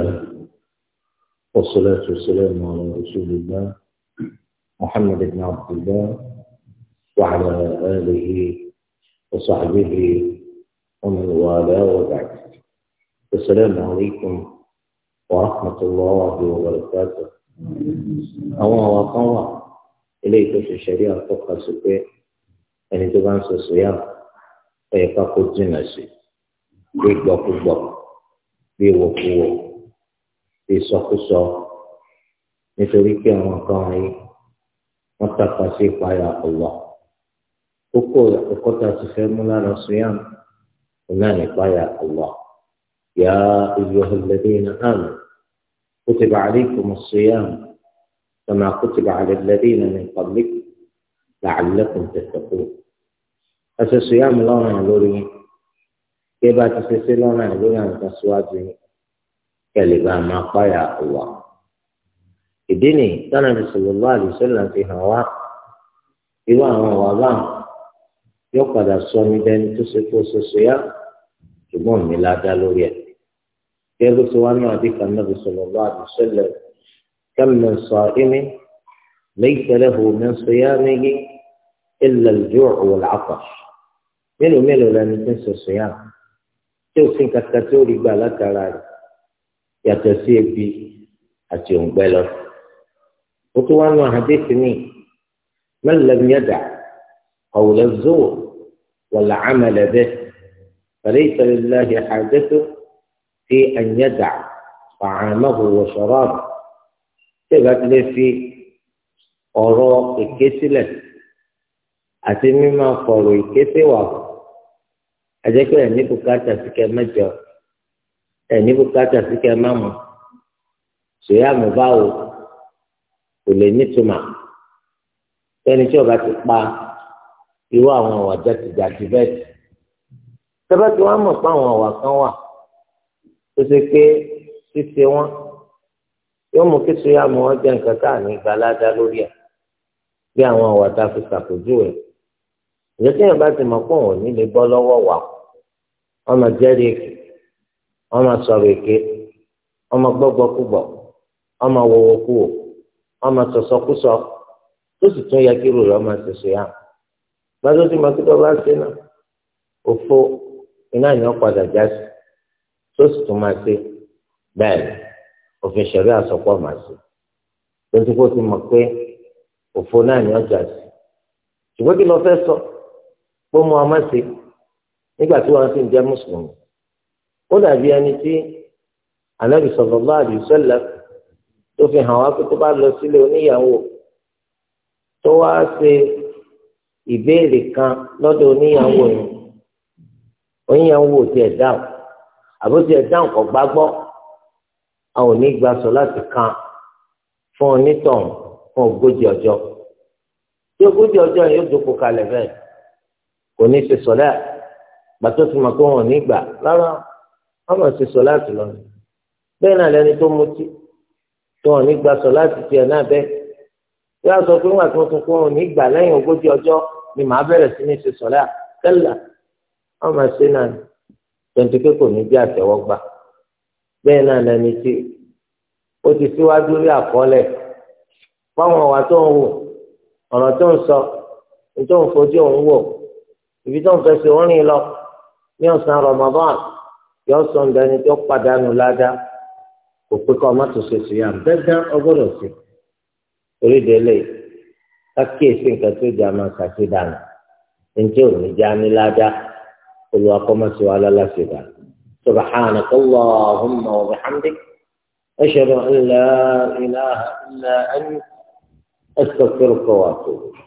الله والصلاة والسلام على رسول الله محمد بن عبد الله وعلى آله وصحبه ومن والاه وبعد السلام عليكم ورحمة الله وبركاته àwọn àwọn إليك في الشريعة tó ṣe ṣẹlẹ̀ àtọ́ka sí pé ẹni tó bá ń ṣe ìsọkúsọ nítorí pé àwọn kan wọ̀nyí wọ́n tàpá sí ìpayà ọ̀wà kókó ọkọta ti fẹ́ mú lára sùúyàn náà ní ìpayà ọ̀wà yá ìlú kó ti ayyuha alladhina amanu kutiba alaykum as-siyam kama kutiba ala alladhina min qablikum la'allakum tattaqun ẹsẹ̀ sùúyàn lọ́rùn lórí yẹn kí ẹ bá ti ṣe sí lọ́rùn lórí àwọn kan síwájú yẹn. kẹlẹ bá máa páyà wà ìdí ni tọ́nà bí sọlọ́lá àdìsọ́lá fi hàn wá irú àwọn ọ̀wà báà yọ padà sọ ní dẹni tó ṣe kó ṣoṣo yá ṣùgbọ́n mi la dá lórí ẹ̀ kí ló ti wá ní àdìkà náà bí sọlọ́lá àdìsọ́lá kẹ́mi sọ ẹ̀mí lẹ́yìn tẹ́lẹ̀ hù mí sọ yá níyì ilẹ̀ ìjọ òwò làákọ̀ mélòó mélòó lẹni tí ń ṣoṣo yá tí òfin kàkà tí ó rí gbà látara rẹ̀ yàtọ̀ sí ebi àti òǹgbẹ lọ ó tún wá nu àhàdéhì ní man lam yada' qawla az-zur wal 'amala bihi falaysa lillahi hajatun fi an yada' ta'amahu wa sharabahu tẹ́gbà tí lè fi ọ̀rọ̀ èké sílẹ̀ àti mímọ̀ fọ̀rọ̀ èké sí wà á ẹ̀ ní bùkátà sí kẹ́ mẹ́jọ ẹni bùkátà sí kẹ má mọ sòyàmù báwo kò lè nítumà ẹni tí ọba ti pa irú àwọn ọ̀wà jàtìjàtì bẹ́ẹ̀ tì tẹ́bá tí wọ́n mọ̀ pé àwọn ọ̀wà kan wà tó ṣe pé ṣíṣe wọn yóò mú kí sòyàmù wọn jẹ nǹkan tá à ní gbalada lórí ẹ̀ bí àwọn ọ̀wà tá a fi ṣàpèjúwe ìjọ tí yẹn bá ti mọ̀ pé òun ò ní lè bọ́ lọ́wọ́ wà wọ́n máa Ọ ma sọ̀rọ̀ èké ọ ma gbọ́gbọ́kúgbọ̀ wọ́n máa wọwọ́kúwò wọ́n máa sọ̀sọ́kúsọ tó sì tún yẹ kí rò lọ́ọ́ máa ṣẹ̀ṣẹ̀ yá ma tí mo kíkọ́ bá ṣe náà òfo iná ni wọ́n padà já sí tó sì tún máa ṣe bẹ́ẹ̀ òfin ṣẹ̀rí àsọpọ̀ máa ṣe kó ti pé òfo náà ni já sí ṣùgbọ́n kí sọ pé mo máa ṣe nígbà tí wọ́n ti ń jẹ́ ó dàbí ẹni tí Ànábì sallallahu alaihi wasallam tó fi hàn wá pé tó bá lọ sílé oníyàwó tó wá ṣe ìbéèrè kan lọ́dọ̀ oníyàwó yẹn oníyàwó ti ẹ̀ dáhùn àbó ti ẹ̀ dáhùn kò gbàgbọ́ a ò ní gba sọ láti kan fún onítàn fún ogójì ọjọ́ tí ogójì ọjọ́ yóò dúkú kalẹ̀ bẹ́ẹ̀ kò ní ṣe sọ̀lẹ́ gbàtó ti mọ̀ pé wọn ò ní gbà rárá wọ́n mọ̀ sí sọ̀láàtì lọ ni bẹ́ẹ̀ náà lẹni tó mutí tó wọn ní gba sọ̀láàtì tiẹ̀ náà bẹ́ẹ̀ bí a sọ pé wọn àti wọn tún fún wọn ní gbà lẹ́yìn ogójì ọjọ́ ni màá bẹ̀rẹ̀ sí ní ṣe sọ̀lá tẹ́lá wọ́n mọ̀ sí náà ni tontu pé kò ní bí àtẹ̀wọ́gbà bẹ́ẹ̀ náà lẹni tí ó ti síwájú rí àkọọ́lẹ̀ fáwọn ọ̀wà tó ń wò ọ̀rọ̀ tó ń sọ ní tó òun wò ibi tó ń fẹsẹ̀ orin lọ ní ọ̀sán Ramadan yọ sọ ń dání tó padànù ládàá kò pé kọ́ ọmọ tó ṣe sùúyà dandan ọgbọ́dọ̀ sí orídẹ̀ẹ́lẹ̀ kákíyèsí nǹkan tó jà máa kàṣí dànù ẹnjẹ́ òní já ní ládàá olùwàkọ́mọ́sí wa lálásì dà سبحانك اللهم وبحمدك أشهد أن لا إله إلا أنت أستغفرك وأتوب إليك